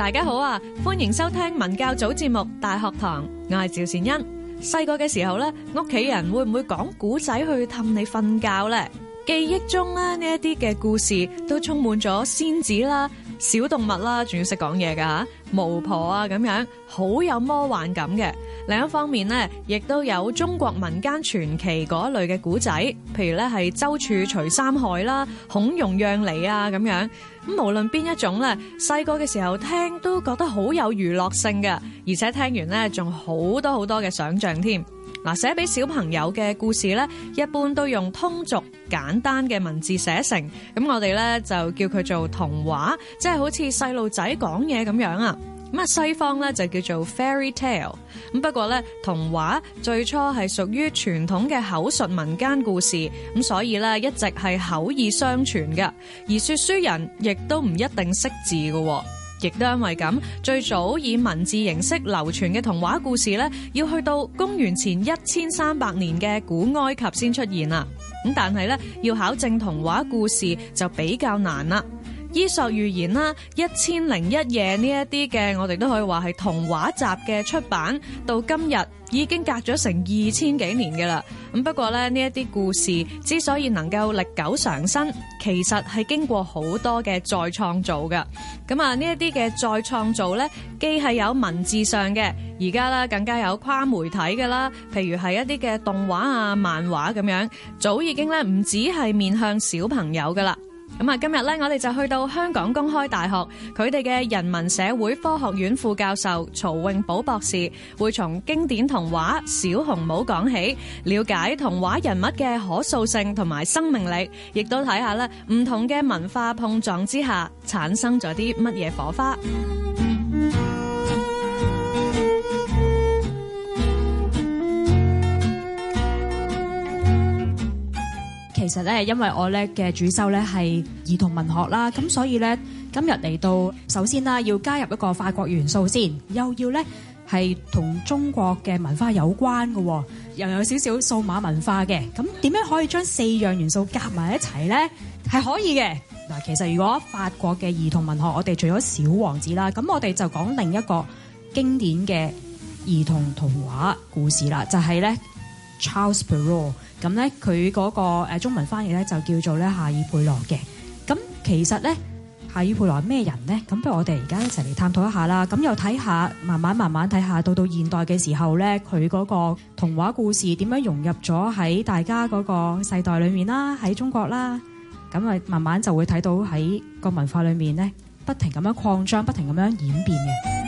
大家好啊，歡迎收聽文教組節目《大學堂》，我係趙善恩。細個嘅時候咧，屋企人會唔會講古仔去氹你瞓覺咧？記憶中咧，呢一啲嘅故事都充滿咗仙子啦、小動物啦，仲要識講嘢噶吓，巫婆啊咁樣，好有魔幻感嘅。另一方面咧，亦都有中國民間傳奇嗰一類嘅古仔，譬如咧係周處除三害啦、孔融讓梨啊咁樣。咁無論邊一種咧，細個嘅時候聽都覺得好有娛樂性嘅，而且聽完咧仲好多好多嘅想像添。嗱，寫俾小朋友嘅故事咧，一般都用通俗簡單嘅文字寫成，咁我哋咧就叫佢做童話，即係好似細路仔講嘢咁樣啊。咁西方咧就叫做 fairy tale。咁不過咧，童話最初係屬於傳統嘅口述民間故事，咁所以咧一直係口耳相傳嘅。而說書人亦都唔一定識字嘅，亦都因為咁，最早以文字形式流傳嘅童話故事咧，要去到公元前一千三百年嘅古埃及先出現啦。咁但係咧，要考證童話故事就比較難啦。伊索寓言啦，一千零一夜呢一啲嘅，我哋都可以話係童話集嘅出版，到今日已經隔咗成二千幾年嘅啦。咁不過咧，呢一啲故事之所以能夠歷久常新，其實係經過好多嘅再創造嘅。咁啊，呢一啲嘅再創造咧，既係有文字上嘅，而家啦更加有跨媒體嘅啦，譬如係一啲嘅動畫啊、漫畫咁樣，早已經咧唔止係面向小朋友噶啦。咁啊！今日咧，我哋就去到香港公開大學，佢哋嘅人文社會科學院副教授曹穎寶博士，會從經典童話《小紅帽》講起，了解童話人物嘅可塑性同埋生命力，亦都睇下咧唔同嘅文化碰撞之下，產生咗啲乜嘢火花。其實咧，因為我咧嘅主修咧係兒童文學啦，咁所以咧今日嚟到，首先啦要加入一個法國元素先，又要咧係同中國嘅文化有關嘅，又有少少數碼文化嘅，咁點樣可以將四樣元素夾埋一齊咧？係可以嘅。嗱，其實如果法國嘅兒童文學，我哋除咗《小王子》啦，咁我哋就講另一個經典嘅兒童童話故事啦，就係咧 Charles Perrault。咁咧，佢嗰個中文翻譯咧就叫做咧夏爾佩羅嘅。咁其實咧，夏爾佩羅係咩人咧？咁不如我哋而家一齊嚟探討一下啦。咁又睇下，慢慢慢慢睇下，到到現代嘅時候咧，佢嗰個童話故事點樣融入咗喺大家嗰個世代裏面啦，喺中國啦。咁啊，慢慢就會睇到喺個文化裏面咧，不停咁樣擴張，不停咁樣演變嘅。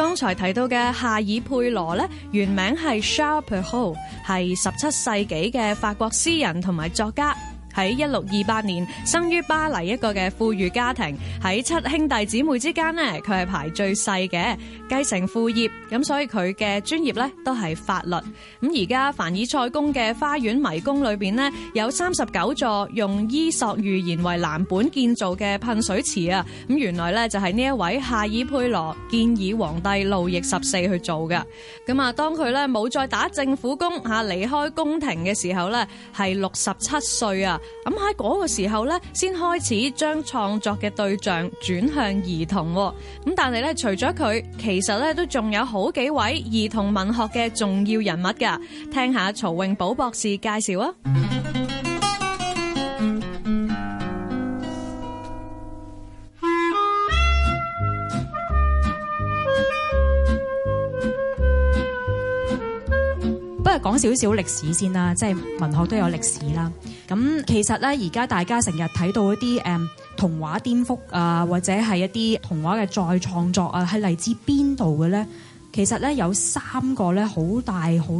剛才提到嘅夏爾佩羅，原名係 Charles Perrault，係十七世紀嘅法國詩人同埋作家。喺一六二八年，生於巴黎一個嘅富裕家庭。喺七兄弟姊妹之間咧，佢係排最細嘅，繼承父業，咁所以佢嘅專業咧都係法律。咁而家凡爾賽宮嘅花園迷宮裏邊咧，有三十九座用伊索寓言為藍本建造嘅噴水池啊。咁原來咧就係呢一位夏爾佩羅建議皇帝路易十四去做嘅。咁啊，當佢咧冇再打政府工吓，離開宮廷嘅時候咧，係六十七歲啊。咁喺嗰個時候咧，先開始將創作嘅對象轉向兒童。咁但係咧，除咗佢，其實咧都仲有好幾位兒童文學嘅重要人物噶。聽下曹穎寶博士介紹啊。少少歷史先啦，即係文學都有歷史啦。咁其實咧，而家大家成日睇到一啲誒童話顛覆啊，或者係一啲童話嘅再創作啊，係嚟自邊度嘅咧？其實咧有三個咧好大、好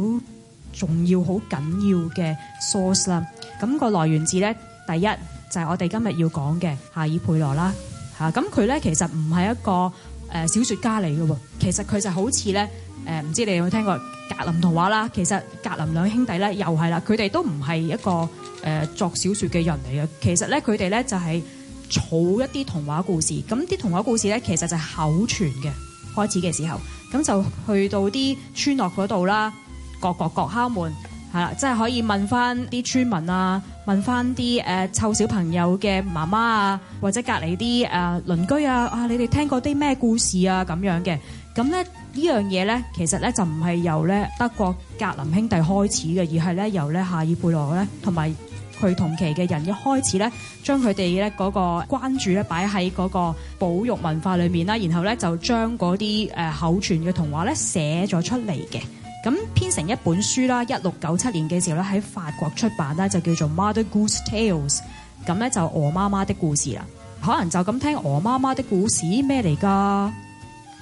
重要、好緊要嘅 source 啦。咁、那個來源字咧，第一就係、是、我哋今日要講嘅《夏爾佩羅》啦。嚇，咁佢咧其實唔係一個誒小説家嚟嘅喎，其實佢就好似咧誒，唔知你有冇聽過格林童話啦。其實格林兩兄弟咧又係啦，佢哋都唔係一個誒、呃、作小説嘅人嚟嘅。其實咧，佢哋咧就係儲一啲童話故事，咁啲童話故事咧其實就係口傳嘅開始嘅時候，咁就去到啲村落嗰度啦，各各各敲門係啦，即係、就是、可以問翻啲村民啊。問翻啲誒湊小朋友嘅媽媽啊，或者隔離啲誒、呃、鄰居啊，啊你哋聽過啲咩故事啊咁樣嘅？咁咧呢樣嘢咧，其實咧就唔係由咧德國格林兄弟開始嘅，而係咧由咧夏爾佩羅咧同埋佢同期嘅人一開始咧，將佢哋咧嗰個關注咧擺喺嗰個保育文化裏面啦，然後咧就將嗰啲誒口傳嘅童話咧寫咗出嚟嘅。咁編成一本書啦，一六九七年嘅時候咧喺法國出版咧就叫做 Mother Goose Tales，咁咧就鵝媽媽的故事啦。可能就咁聽鵝媽媽的故事咩嚟㗎？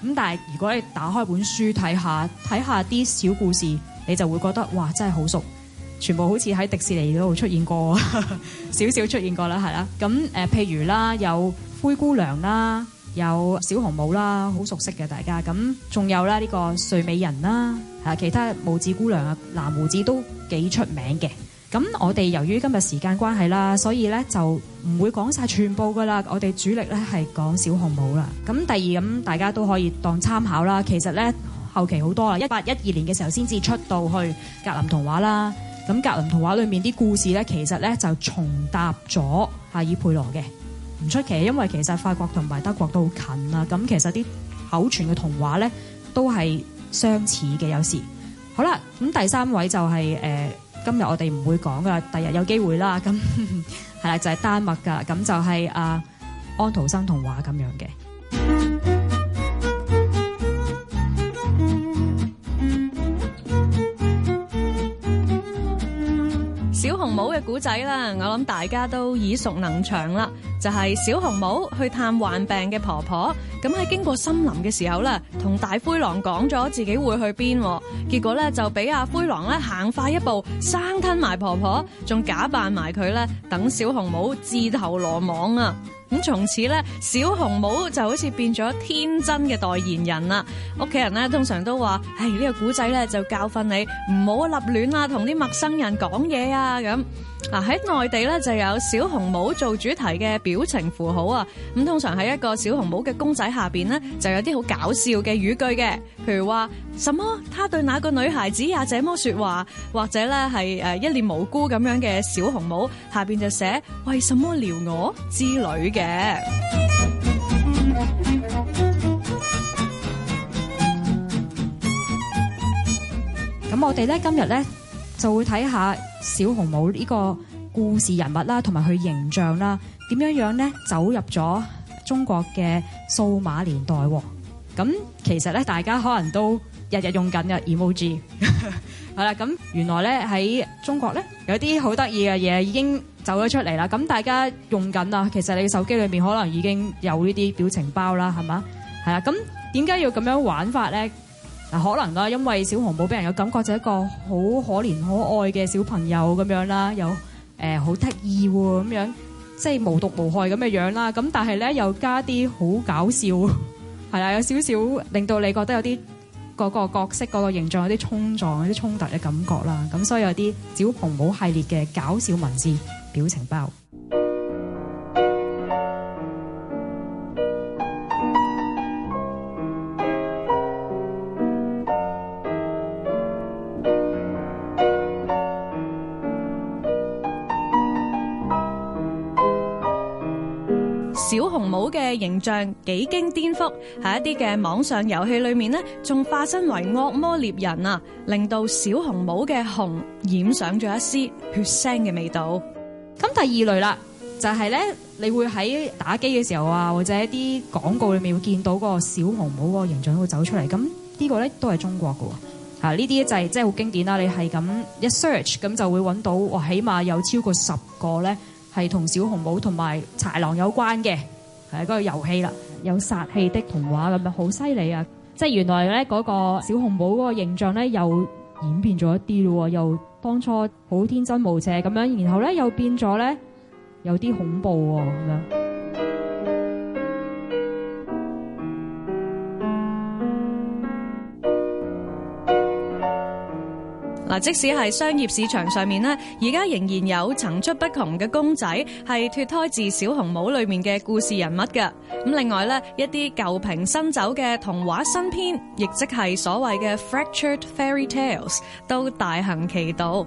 咁但係如果你打開本書睇下睇下啲小故事，你就會覺得哇，真係好熟，全部好似喺迪士尼度出現過，少 少出現過啦，係啦。咁、呃、譬如啦，有灰姑娘啦。有小紅帽啦，好熟悉嘅大家，咁仲有啦呢個睡美人啦，吓其他拇指姑娘啊，藍鬍子都幾出名嘅。咁我哋由於今日時間關係啦，所以咧就唔會講晒全部噶啦。我哋主力咧係講小紅帽啦。咁第二咁，大家都可以當參考啦。其實咧後期好多啦，一八一二年嘅時候先至出到去格林童話啦。咁格林童話裏面啲故事咧，其實咧就重疊咗夏爾佩羅嘅。唔出奇，因為其實法國同埋德國都好近啊。咁其實啲口傳嘅童話咧，都係相似嘅，有時好喇。好啦，咁第三位就係誒，今日我哋唔會講啦，第日有機會啦。咁係啦，就係丹麥噶，咁就係阿安徒生童話咁樣嘅。小紅帽嘅古仔啦，我諗大家都耳熟能詳啦。就係小紅帽去探患病嘅婆婆，咁喺經過森林嘅時候咧，同大灰狼講咗自己會去邊，結果咧就俾阿灰狼咧行快一步，生吞埋婆婆，仲假扮埋佢咧，等小紅帽自投羅網啊！咁從此咧，小紅帽就好似變咗天真嘅代言人啦。屋企人咧通常都話：唉，呢個古仔咧就教訓你唔好立亂啦，同啲陌生人講嘢啊咁。嗱喺內地咧就有小紅帽做主題嘅表情符號啊，咁通常喺一個小紅帽嘅公仔下邊咧就有啲好搞笑嘅語句嘅，譬如話，什麼？他對那個女孩子也這麼說話，或者咧係誒一臉無辜咁樣嘅小紅帽下邊就寫為什麼撩我之類嘅。咁我哋咧今日咧就會睇下。小紅帽呢個故事人物啦，同埋佢形象啦，點樣樣咧走入咗中國嘅數碼年代喎？咁其實咧，大家可能都日日用緊嘅 emoji 係啦。咁原來咧喺中國咧，有啲好得意嘅嘢已經走咗出嚟啦。咁大家用緊啦，其實你手機裏面可能已經有呢啲表情包啦，係嘛？係啦。咁點解要咁樣玩法咧？嗱，可能啦，因為小紅帽俾人嘅感覺就一個好可憐可愛嘅小朋友咁樣啦，又誒好得意咁樣，即係無毒無害咁嘅樣啦。咁但係咧又加啲好搞笑，係啦，有少少令到你覺得有啲嗰個角色嗰個形象有啲衝撞、有啲衝突嘅感覺啦。咁所以有啲小紅帽系列嘅搞笑文字表情包。小紅帽嘅形象幾經顛覆，喺一啲嘅網上遊戲裏面呢，仲化身為惡魔獵人啊，令到小紅帽嘅紅染上咗一絲血腥嘅味道。咁第二類啦，就係呢，你會喺打機嘅時候啊，或者一啲廣告裏面會見到個小紅帽個形象會走出嚟。咁呢個呢，都係中國嘅喎，吓呢啲就係即係好經典啦。你係咁一 search，咁就會揾到，我起碼有超過十個呢。係同小紅帽同埋豺狼有關嘅，係嗰個遊戲啦，有殺氣的童話咁樣，好犀利啊！即係原來咧嗰個小紅帽嗰個形象咧，又演變咗一啲咯，又當初好天真無邪咁樣，然後咧又變咗咧有啲恐怖喎。嗱，即使係商業市場上面咧，而家仍然有層出不窮嘅公仔係脫胎自小紅帽裏面嘅故事人物嘅。咁另外咧，一啲舊瓶新酒嘅童話新編，亦即係所謂嘅 fractured fairy tales，都大行其道。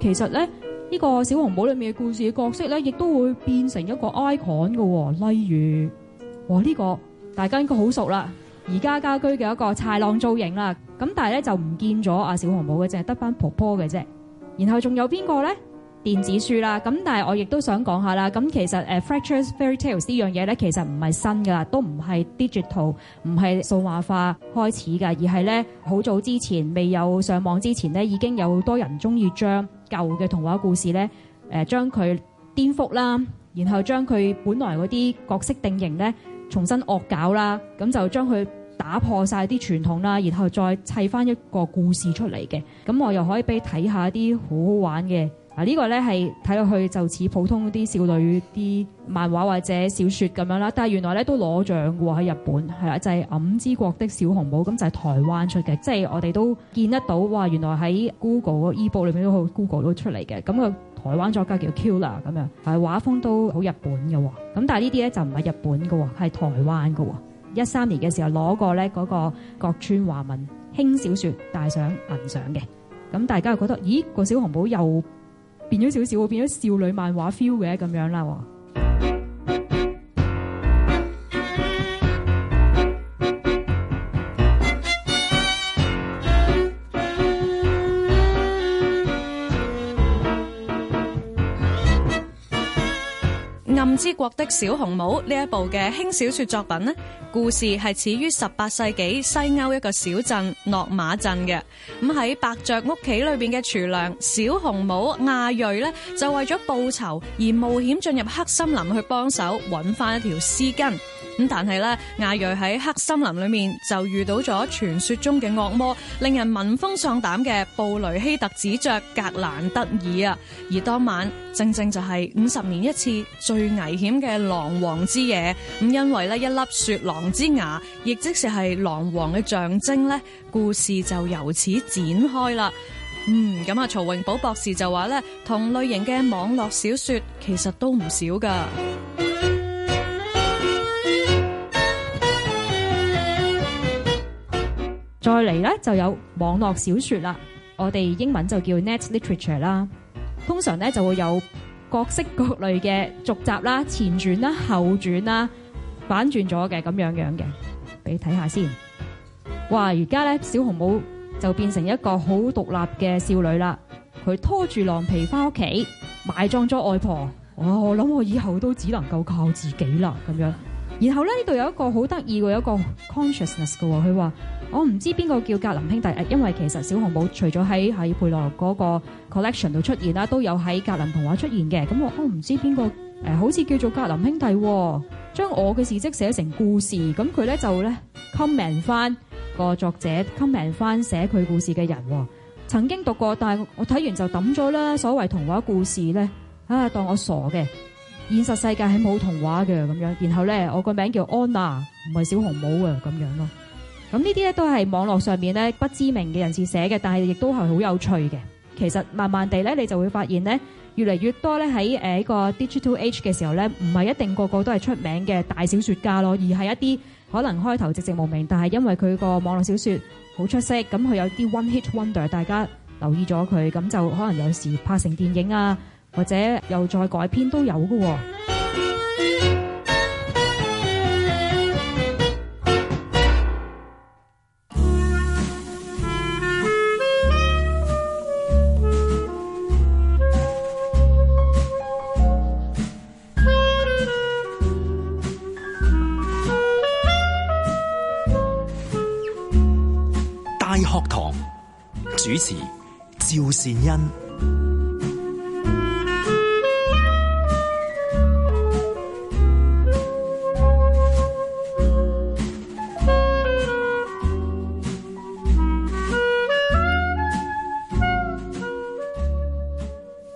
其實咧，呢個小紅帽裏面嘅故事嘅角色咧，亦都會變成一個 icon 嘅。例如，哇呢個大家應該好熟啦。而家家居嘅一個豺狼造型啦，咁但係咧就唔見咗阿小紅帽嘅，淨係得返婆婆嘅啫。然後仲有邊個咧？電子書啦，咁但係我亦都想講下啦。咁其實 Fractured Fairy Tales》呢樣嘢咧，其實唔係新噶，都唔係 digital，唔係數碼化開始㗎。而係咧好早之前未有上網之前咧，已經有好多人中意將舊嘅童話故事咧誒將佢顛覆啦，然後將佢本來嗰啲角色定型咧重新惡搞啦，咁就將佢。打破晒啲傳統啦，然後再砌翻一個故事出嚟嘅，咁我又可以俾睇下啲好好玩嘅。啊、這個，呢個咧係睇落去就似普通啲少女啲漫畫或者小説咁樣啦，但係原來咧都攞獎嘅喎喺日本，係啦，就係、是《暗之國的小紅帽》，咁就係台灣出嘅，即係我哋都見得到。哇，原來喺 Google 嗰 eBook 裏面都好 Google 都出嚟嘅，咁、那、佢、個、台灣作家叫 Killer 咁樣，係畫風都好日本嘅喎，咁但係呢啲咧就唔係日本嘅喎，係台灣嘅喎。一三年嘅時候攞過咧嗰個角川華文輕小說大賞銀賞嘅，咁大家又覺得，咦，個小紅帽又變咗少少，變咗少女漫畫 feel 嘅咁樣啦喎。《之國的小紅帽》呢一部嘅輕小說作品呢，故事係始於十八世紀西歐一個小鎮諾馬鎮嘅。咁喺伯爵屋企裏邊嘅廚娘小紅帽亞瑞呢就為咗報仇而冒險進入黑森林去幫手揾翻一條絲巾。咁但係咧，亞瑞喺黑森林裏面就遇到咗傳說中嘅惡魔，令人聞風喪膽嘅布雷希特子爵格蘭德爾啊！而當晚正正就係五十年一次最危險嘅狼王之夜。咁因為呢一粒雪狼之牙，亦即是係狼王嘅象徵呢，故事就由此展開啦。嗯，咁啊，曹穎寶博士就話呢，同類型嘅網絡小說其實都唔少噶。再嚟咧，就有網絡小説啦。我哋英文就叫 net literature 啦。通常咧就會有各式各類嘅續集啦、前傳啦、後傳啦、反轉咗嘅咁樣樣嘅，俾你睇下先。哇！而家咧，小紅帽就變成一個好獨立嘅少女啦。佢拖住狼皮返屋企，埋葬咗外婆。哇，我諗我以後都只能夠靠自己啦。咁樣，然後咧呢度有一個好得意嘅，有一個 consciousness 嘅佢話。我唔知邊個叫格林兄弟，因為其實小紅帽除咗喺喺佩羅嗰個 collection 度出現啦，都有喺格林童話出現嘅。咁我我唔知邊個誒，好似叫做格林兄弟、喎，將我嘅事跡寫成故事。咁佢咧就咧 comment 翻，嗰個作者，comment 翻寫佢故事嘅人喎。曾經讀過，但係我睇完就抌咗啦。所謂童話故事咧，啊當我傻嘅，現實世界係冇童話嘅咁樣。然後咧，我個名叫安娜，唔係小紅帽啊咁樣咯。咁呢啲咧都係網絡上面咧不知名嘅人士寫嘅，但係亦都係好有趣嘅。其實慢慢地咧，你就會發現咧，越嚟越多咧喺一個 Digital Age 嘅時候咧，唔係一定個個都係出名嘅大小說家咯，而係一啲可能開頭寂寂無名，但係因為佢個網絡小說好出色，咁佢有啲 one hit wonder，大家留意咗佢，咁就可能有時拍成電影啊，或者又再改編都有噶喎。主持趙善恩，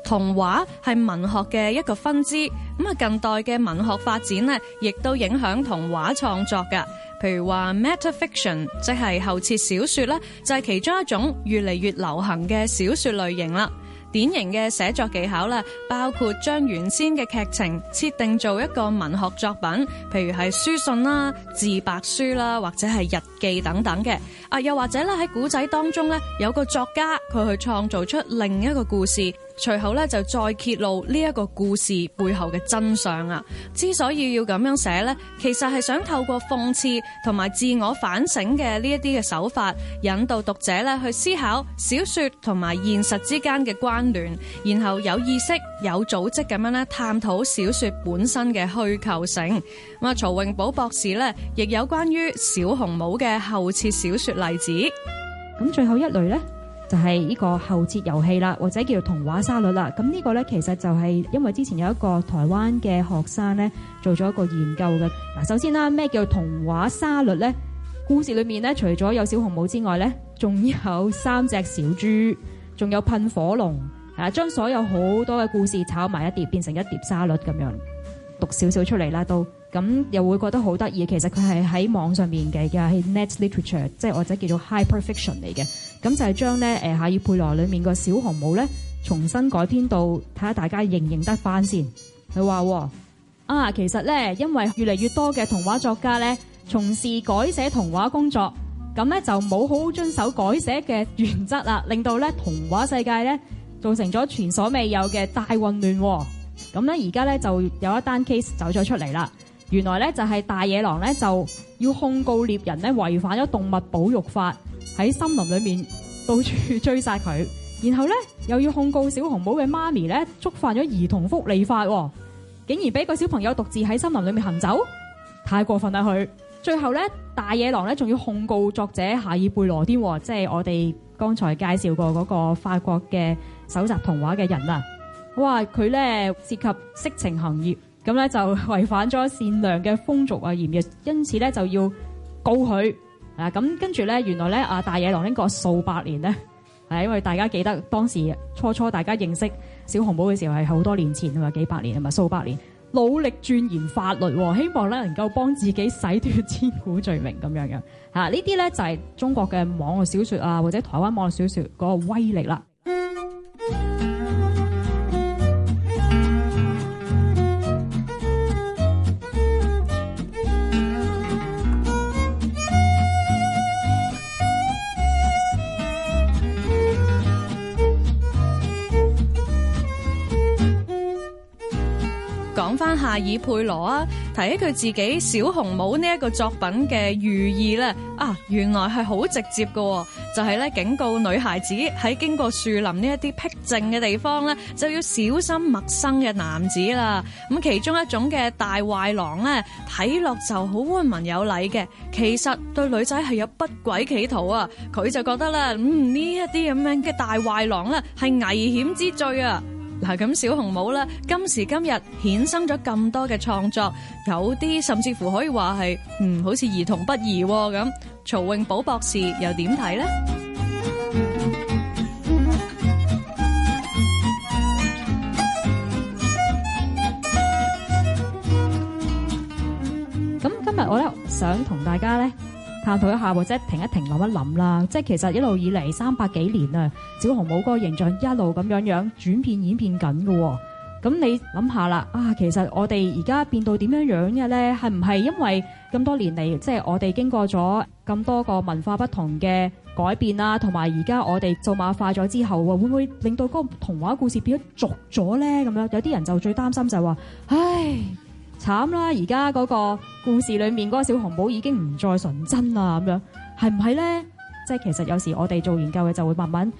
童話係文學嘅一個分支，咁啊，近代嘅文學發展呢，亦都影響童話創作噶。譬如話 meta fiction，即係後設小說啦，就係其中一種越嚟越流行嘅小說類型啦。典型嘅寫作技巧啦，包括將原先嘅劇情設定做一個文學作品，譬如係書信啦、自白書啦，或者係日記等等嘅。啊，又或者咧喺古仔當中呢，有個作家佢去創造出另一個故事，隨後呢就再揭露呢一個故事背後嘅真相啊！之所以要咁樣寫呢，其實係想透過諷刺同埋自我反省嘅呢一啲嘅手法，引導讀者呢去思考小說同埋現實之間嘅關聯，然後有意識、有組織咁樣咧探討小說本身嘅虛構性。咁啊，曹穎寶博士呢，亦有關於小紅帽嘅後設小說。例子，咁，最後一類呢，就係呢個後設遊戲啦，或者叫童話沙律啦。咁呢個呢,其實就係因為之前有一個台灣嘅學生呢，做咗一個研究嘅。嗱，首先啦，咩叫童話沙律呢？故事裏面呢，除咗有小紅帽之外呢，仲有三隻小豬，仲有噴火龍，啊，將所有好多嘅故事炒埋一碟，變成一碟沙律咁樣，讀少少出嚟啦都。咁又會覺得好得意。其實佢係喺網上面嘅嘅 net literature，即係或者叫做 hyperfiction 嚟嘅。咁就係將咧誒夏爾佩羅裏面個小紅帽咧重新改編到，睇下大家認唔認得翻先。佢話啊，其實咧因為越嚟越多嘅童話作家咧從事改寫童話工作，咁咧就冇好好遵守改寫嘅原則啦，令到咧童話世界咧造成咗前所未有嘅大混亂。咁咧而家咧就有一單 case 走咗出嚟啦。原來咧就係大野狼咧就要控告獵人咧違反咗動物保育法，喺森林裏面到處追殺佢，然後咧又要控告小紅帽嘅媽咪咧觸犯咗兒童福利法，竟然俾個小朋友獨自喺森林裏面行走，太過分啦佢！最後咧大野狼咧仲要控告作者夏爾貝羅添，即係我哋剛才介紹過嗰個法國嘅搜集童話嘅人啦，哇佢咧涉及色情行業。咁咧就違反咗善良嘅風俗啊、嚴約，因此咧就要告佢啊！咁跟住咧，原來咧啊大野狼呢過數百年咧，係因為大家記得當時初初大家認識小紅帽嘅時候係好多年前啊嘛，幾百年同埋數百年，努力鑽研法律，希望咧能夠幫自己洗脫千古罪名咁樣樣、啊、呢啲咧就係、是、中國嘅網絡小說啊，或者台灣網絡小說嗰個威力啦。以佩羅啊，提起佢自己《小紅帽》呢一個作品嘅寓意咧，啊，原來係好直接嘅，就係咧警告女孩子喺經過樹林呢一啲僻靜嘅地方咧，就要小心陌生嘅男子啦。咁其中一種嘅大壞狼咧，睇落，就好溫文有禮嘅，其實對女仔係有不軌企圖啊。佢就覺得咧，嗯，呢一啲咁樣嘅大壞狼咧，係危險之最啊。嗱，咁小紅帽咧，今時今日衍生咗咁多嘅創作，有啲甚至乎可以話係，嗯，好似兒童不宜咁。曹穎寶博士又點睇呢？咁 今日我咧想同大家咧，探討一下或者、就是、停一停諗一諗啦，即、就、係、是、其實一路以嚟三百幾年啊，小紅帽嗰個形象一路咁樣樣轉變演變緊嘅。咁你諗下啦，啊，其實我哋而家變到點樣樣嘅咧，係唔係因為咁多年嚟，即、就、係、是、我哋經過咗咁多個文化不同嘅改變啦，同埋而家我哋數碼化咗之後，會唔會令到嗰個童話故事變得俗咗咧？咁樣有啲人就最擔心就係話，唉。慘啦！而家嗰個故事裏面嗰個小紅帽已經唔再純真啦，咁樣係唔係咧？即係其實有時我哋做研究嘅就會慢慢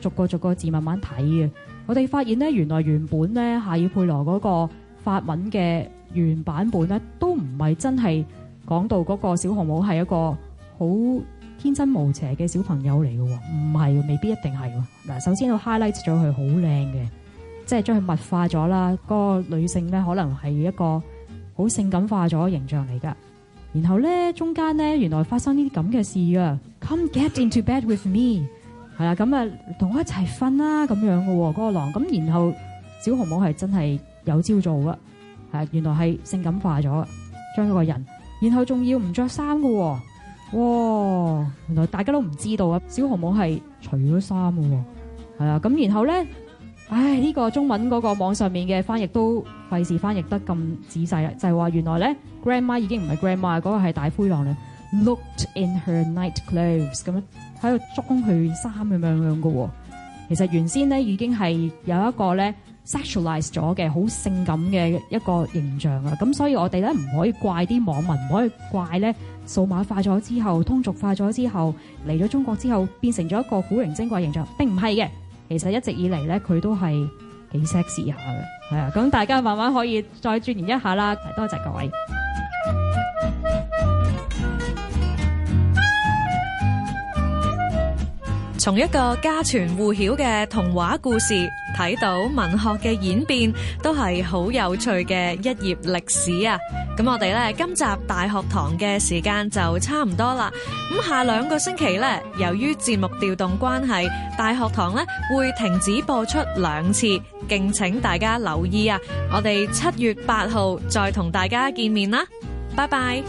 逐個逐個字慢慢睇嘅。我哋發現咧，原來原本咧，夏爾佩羅嗰個法文嘅原版本咧，都唔係真係講到嗰個小紅帽係一個好天真無邪嘅小朋友嚟嘅，唔係，未必一定係。嗱，首先我 highlight 咗佢好靚嘅，即係將佢物化咗啦。嗰個女性咧，可能係一個，好性感化咗形象嚟噶，然後咧中間咧原來發生呢啲咁嘅事啊！Come get into bed with me，係啦咁啊，同我一齊瞓啦咁樣噶喎，嗰個狼咁，然後小紅帽係真係有招做噶，係原來係性感化咗，將一個人，然後仲要唔着衫噶，哇！原來大家都唔知道啊，小紅帽係除咗衫噶，係啊咁然後咧。唉，呢個中文嗰個網上面嘅翻譯都費事翻譯得咁仔細啦，就係話原來咧 grandma 已經唔係 grandma，嗰個係大灰狼啦。Looked in her night clothes，咁樣喺度裝佢衫咁樣樣嘅喎。其實原先咧已經係有一個咧 sexualize 咗嘅好性感嘅一個形象啊。咁所以我哋咧唔可以怪啲網民，唔可以怪咧數碼化咗之後，通俗化咗之後，嚟咗中國之後變成咗一個古靈精怪形象，並唔係嘅。其實一直以嚟咧，佢都係幾 sexy 下嘅，係啊！咁大家慢慢可以再鑽研一下啦。多謝各位，從一個家傳戶曉嘅童話故事睇到文學嘅演變，都係好有趣嘅一頁歷史啊！咁我哋咧今集大學堂嘅時間就差唔多啦，咁下兩個星期咧，由於節目調動關係，大學堂咧會停止播出兩次，敬請大家留意啊！我哋七月八號再同大家見面啦，拜拜。